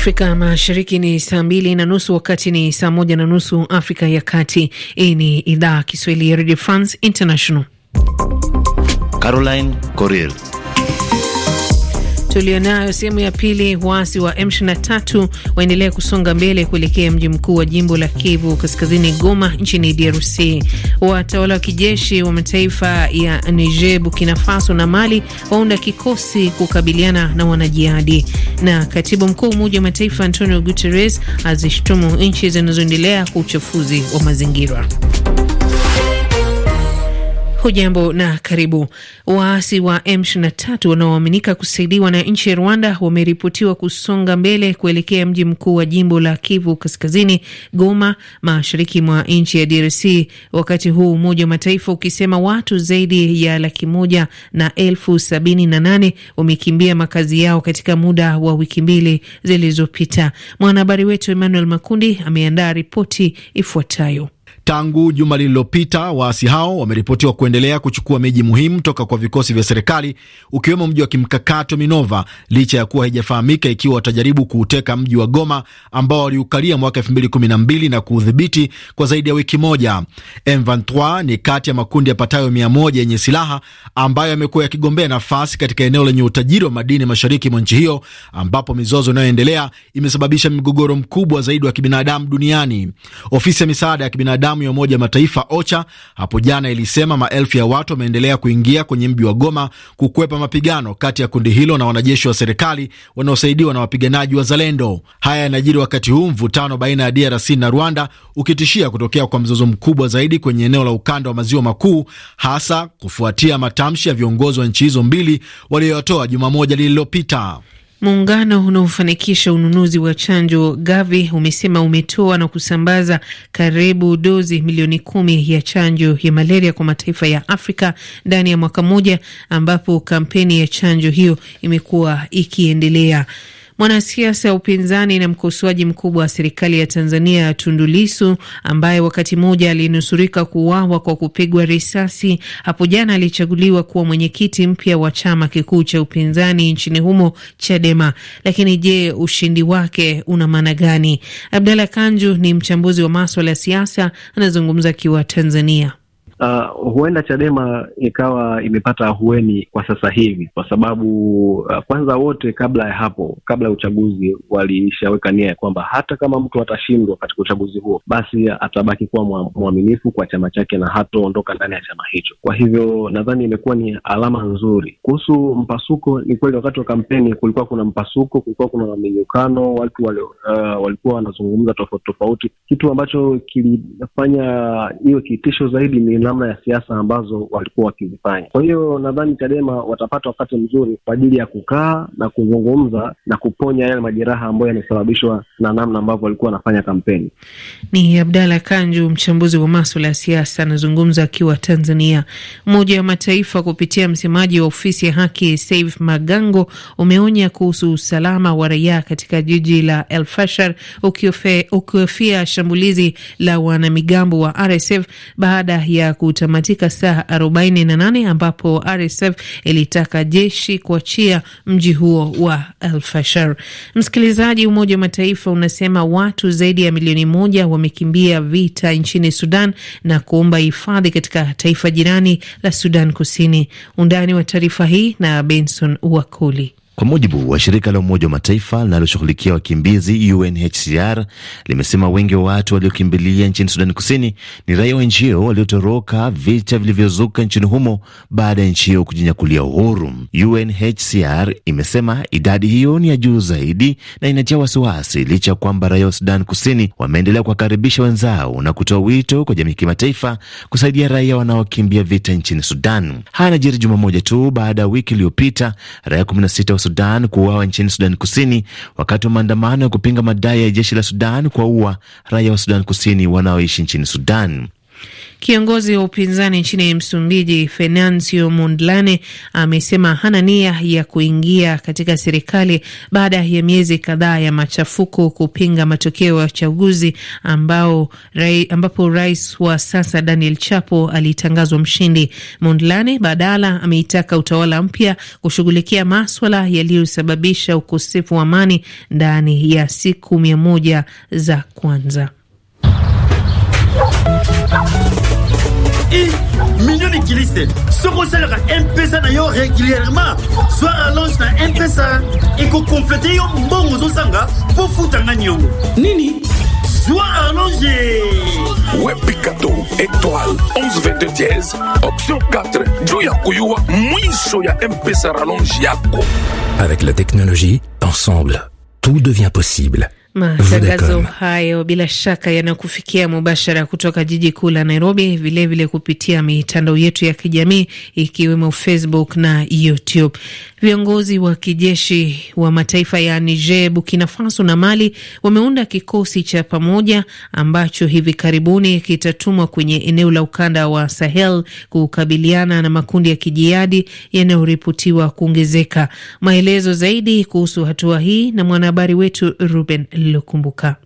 Afrika Mashariki ni saa mbili na nusu, wakati ni saa moja na nusu Afrika ya Kati. Hii ni idhaa Kiswahili ya Radio France International. Caroline Coril tulionayo sehemu ya pili. Waasi wa M23 waendelea kusonga mbele kuelekea mji mkuu wa jimbo la Kivu Kaskazini, Goma, nchini DRC. Watawala wa kijeshi wa mataifa ya Niger, Burkina Faso na Mali waunda kikosi kukabiliana na wanajihadi. Na katibu mkuu wa Umoja wa Mataifa Antonio Guterres azishtumu nchi zinazoendelea kwa uchafuzi wa mazingira. Hujambo na karibu. Waasi wa M23 wanaoaminika kusaidiwa na nchi ya Rwanda wameripotiwa kusonga mbele kuelekea mji mkuu wa jimbo la Kivu Kaskazini, Goma, mashariki mwa nchi ya DRC, wakati huu Umoja wa Mataifa ukisema watu zaidi ya laki moja na elfu sabini na nane wamekimbia makazi yao katika muda wa wiki mbili zilizopita. Mwanahabari wetu Emmanuel Makundi ameandaa ripoti ifuatayo. Tangu juma lililopita, waasi hao wameripotiwa kuendelea kuchukua miji muhimu toka kwa vikosi vya serikali, ukiwemo mji wa kimkakati wa Minova, licha ya kuwa haijafahamika ikiwa watajaribu kuuteka mji wa Goma ambao waliukalia mwaka 2012 na kuudhibiti kwa zaidi ya wiki moja. M23 ni kati ya makundi yapatayo 1 yenye silaha ambayo yamekuwa yakigombea nafasi katika eneo lenye utajiri wa madini mashariki mwa nchi hiyo, ambapo mizozo inayoendelea imesababisha mgogoro mkubwa zaidi wa kibinadamu duniani. Ofisi ya misaada ya kibinadamu programu ya Umoja Mataifa OCHA hapo jana ilisema maelfu ya watu wameendelea kuingia kwenye mji wa Goma kukwepa mapigano kati ya kundi hilo na wanajeshi wa serikali wanaosaidiwa na wapiganaji wa Zalendo. Haya yanajiri wakati huu mvutano baina ya DRC na Rwanda ukitishia kutokea kwa mzozo mkubwa zaidi kwenye eneo la ukanda wa maziwa makuu, hasa kufuatia matamshi ya viongozi wa nchi hizo mbili walioyatoa juma moja lililopita. Muungano unaofanikisha ununuzi wa chanjo Gavi umesema umetoa na kusambaza karibu dozi milioni kumi ya chanjo ya malaria kwa mataifa ya Afrika ndani ya mwaka mmoja, ambapo kampeni ya chanjo hiyo imekuwa ikiendelea. Mwanasiasa wa upinzani na mkosoaji mkubwa wa serikali ya Tanzania Tundu Lissu, ambaye wakati mmoja alinusurika kuuawa kwa kupigwa risasi, hapo jana alichaguliwa kuwa mwenyekiti mpya wa chama kikuu cha upinzani nchini humo Chadema. Lakini je, ushindi wake una maana gani? Abdalla Kanju ni mchambuzi wa maswala ya siasa, anazungumza akiwa Tanzania uh, huenda Chadema ikawa imepata ahueni kwa sasa hivi, kwa sababu uh, kwanza wote kabla ya hapo, kabla ya uchaguzi walishaweka nia ya kwamba hata kama mtu atashindwa katika uchaguzi huo, basi atabaki kuwa mwaminifu kwa chama chake na hataondoka ndani ya chama hicho. Kwa hivyo nadhani imekuwa ni alama nzuri. Kuhusu mpasuko, ni kweli wakati wa kampeni kulikuwa kuna mpasuko, kulikuwa kuna mamenyukano, watu wali, uh, walikuwa wanazungumza tofauti tofauti, kitu ambacho kilifanya iwe kitisho zaidi ni namna ya siasa ambazo walikuwa wakizifanya. Kwa hiyo nadhani Chadema watapata wakati mzuri kwa ajili ya kukaa na kuzungumza na kuponya yale majeraha ambayo yamesababishwa na namna ambavyo walikuwa wanafanya kampeni. Ni Abdalla Kanju, mchambuzi wa maswala ya siasa, anazungumza akiwa Tanzania. Umoja wa Mataifa kupitia msemaji wa ofisi ya haki Save Magango umeonya kuhusu usalama wa raia katika jiji la El Fasher shambulizi la wanamigambo wa RSF baada ya kutamatika saa 48 ambapo RSF ilitaka jeshi kuachia mji huo wa alfashar Msikilizaji, Umoja wa Mataifa unasema watu zaidi ya milioni moja wamekimbia vita nchini Sudan na kuomba hifadhi katika taifa jirani la Sudan Kusini. Undani wa taarifa hii na Benson Wakoli. Kwa mujibu wa shirika la Umoja wa Mataifa linaloshughulikia wakimbizi UNHCR limesema wengi wa watu waliokimbilia nchini Sudani Kusini ni raia wa nchi hiyo waliotoroka vita vilivyozuka nchini humo baada ya nchi hiyo kujinyakulia uhuru. UNHCR imesema idadi hiyo ni ya juu zaidi na inatia wasiwasi, licha ya kwamba raia wa Sudani Kusini wameendelea kuwakaribisha wenzao na kutoa wito kwa jamii kimataifa kusaidia raia wanaokimbia vita nchini Sudan. Haya yanajiri juma moja tu baada ya wiki iliyopita raia 16 Sudan kuuawa nchini Sudan Kusini wakati wa maandamano ya kupinga madai ya jeshi la Sudan kuwaua raia wa Sudan Kusini wanaoishi nchini Sudan. Kiongozi wa upinzani nchini Msumbiji, fenancio Mondlane, amesema hana nia ya kuingia katika serikali baada ya miezi kadhaa ya machafuko kupinga matokeo ya uchaguzi ambao rai, ambapo rais wa sasa Daniel Chapo alitangazwa mshindi. Mondlane badala ameitaka utawala mpya kushughulikia maswala yaliyosababisha ukosefu wa amani ndani ya siku mia moja za kwanza. i millions kilise Ce que MP un yo régulièrement zwa allonge na compléter ekokomplete bon mbongo pour foutre un agneau. nini soit allongée. Web Picato, étoile 1122 dièse, option 4, Joya Kouyua, Mouissoya MPSA rallonge Avec la technologie, ensemble, tout devient possible. Matangazo hayo bila shaka yanakufikia mubashara kutoka jiji kuu la Nairobi, vilevile vile kupitia mitandao yetu ya kijamii ikiwemo Facebook na YouTube. Viongozi wa kijeshi wa mataifa ya Niger, Burkina Faso na Mali wameunda kikosi cha pamoja ambacho hivi karibuni kitatumwa kwenye eneo la ukanda wa Sahel kukabiliana na makundi ya kijihadi yanayoripotiwa kuongezeka. Maelezo zaidi kuhusu hatua hii na mwanahabari wetu Ruben lililokumbuka.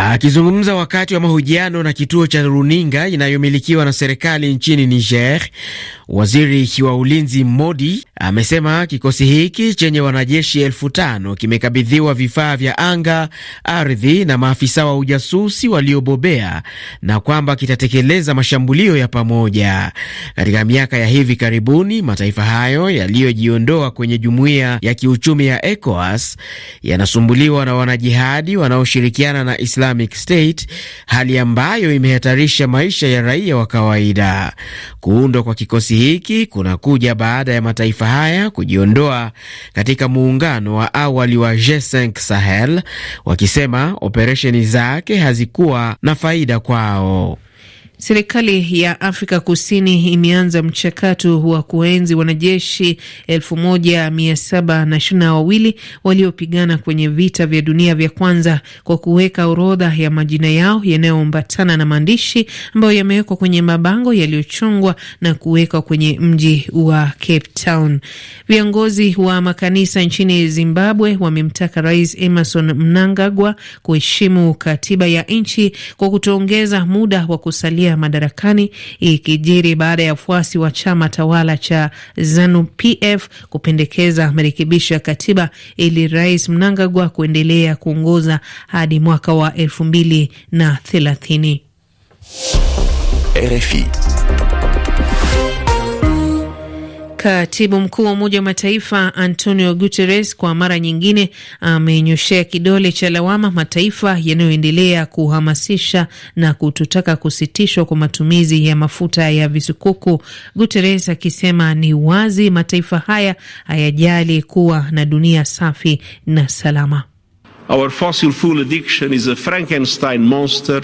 Akizungumza wakati wa mahojiano na kituo cha runinga inayomilikiwa na serikali nchini Niger, waziri wa ulinzi Modi amesema kikosi hiki chenye wanajeshi elfu tano kimekabidhiwa vifaa vya anga, ardhi na maafisa wa ujasusi waliobobea na kwamba kitatekeleza mashambulio ya pamoja. Katika miaka ya hivi karibuni, mataifa hayo yaliyojiondoa kwenye jumuiya ya kiuchumi ya ECOWAS yanasumbuliwa na wanajihadi wanaoshirikiana na Islam Islamic State, hali ambayo imehatarisha maisha ya raia wa kawaida. Kuundwa kwa kikosi hiki kunakuja baada ya mataifa haya kujiondoa katika muungano wa awali wa G5 Sahel, wakisema operesheni zake hazikuwa na faida kwao. Serikali ya Afrika Kusini imeanza mchakato wa kuenzi wanajeshi elfu moja mia saba na ishirini na wawili waliopigana kwenye vita vya dunia vya kwanza kwa kuweka orodha ya majina yao yanayoambatana na maandishi ambayo yamewekwa kwenye mabango yaliyochongwa na kuwekwa kwenye mji wa Cape Town. Viongozi wa makanisa nchini Zimbabwe wamemtaka Rais Emerson Mnangagwa kuheshimu katiba ya nchi kwa kutoongeza muda wa kusalia kurejea madarakani, ikijiri baada ya wafuasi wa chama tawala cha ZANU-PF kupendekeza marekebisho ya katiba ili Rais Mnangagwa kuendelea kuongoza hadi mwaka wa elfu mbili na thelathini. RFI Katibu mkuu wa Umoja wa Mataifa Antonio Guterres kwa mara nyingine amenyoshea kidole cha lawama mataifa yanayoendelea kuhamasisha na kutotaka kusitishwa kwa matumizi ya mafuta ya visukuku, Guterres akisema ni wazi mataifa haya hayajali kuwa na dunia safi na salama. Our fossil fuel addiction is a Frankenstein monster.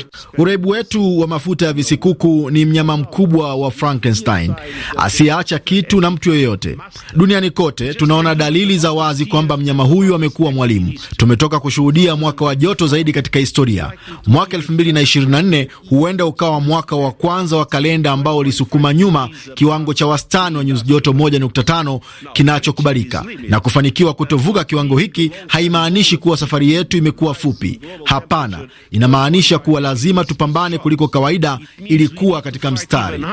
wetu wa mafuta ya visikuku ni mnyama mkubwa wa Frankenstein asiyeacha kitu na mtu yoyote. Duniani kote tunaona dalili za wazi kwamba mnyama huyu amekuwa mwalimu. Tumetoka kushuhudia mwaka wa joto zaidi katika historia. Mwaka 2024 huenda ukawa mwaka wa kwanza wa kalenda ambao ulisukuma nyuma kiwango cha wastani wa nyuzi joto 1.5 kinachokubalika, na kufanikiwa kutovuka kiwango hiki haimaanishi kuwa safari yetu imekuwa fupi. Hapana, inamaanisha kuwa lazima tupambane kuliko kawaida ili kuwa katika mstari.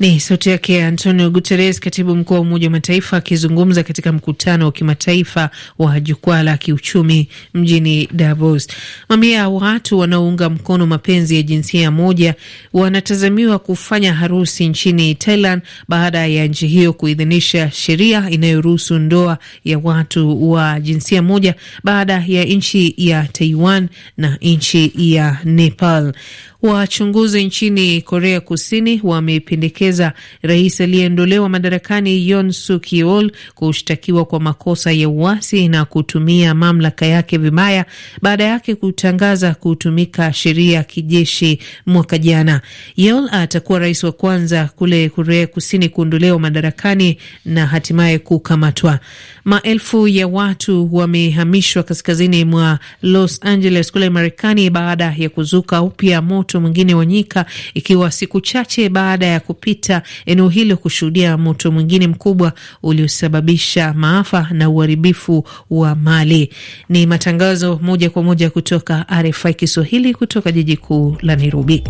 Ni sauti yake Antonio Guterres, katibu mkuu wa Umoja wa Mataifa, akizungumza katika mkutano wa kimataifa wa jukwaa la kiuchumi mjini Davos. Mamia ya watu wanaounga mkono mapenzi ya jinsia moja wanatazamiwa kufanya harusi nchini Thailand baada ya nchi hiyo kuidhinisha sheria inayoruhusu ndoa ya watu wa jinsia moja baada ya nchi ya Taiwan na nchi ya Nepal. Wachunguzi nchini Korea Kusini wamependekeza rais aliyeondolewa madarakani Yoon Suk Yeol kushtakiwa kwa makosa ya uasi na kutumia mamlaka yake vibaya baada yake kutangaza kutumika sheria ya kijeshi mwaka jana. Yeol atakuwa rais wa kwanza kule Korea Kusini kuondolewa madarakani na hatimaye kukamatwa. Maelfu ya watu wamehamishwa kaskazini mwa Los Angeles kule Marekani baada ya kuzuka upya moto mwingine wa nyika, ikiwa siku chache baada ya kupita eneo hilo kushuhudia moto mwingine mkubwa uliosababisha maafa na uharibifu wa mali. Ni matangazo moja kwa moja kutoka RFI Kiswahili kutoka jiji kuu la Nairobi.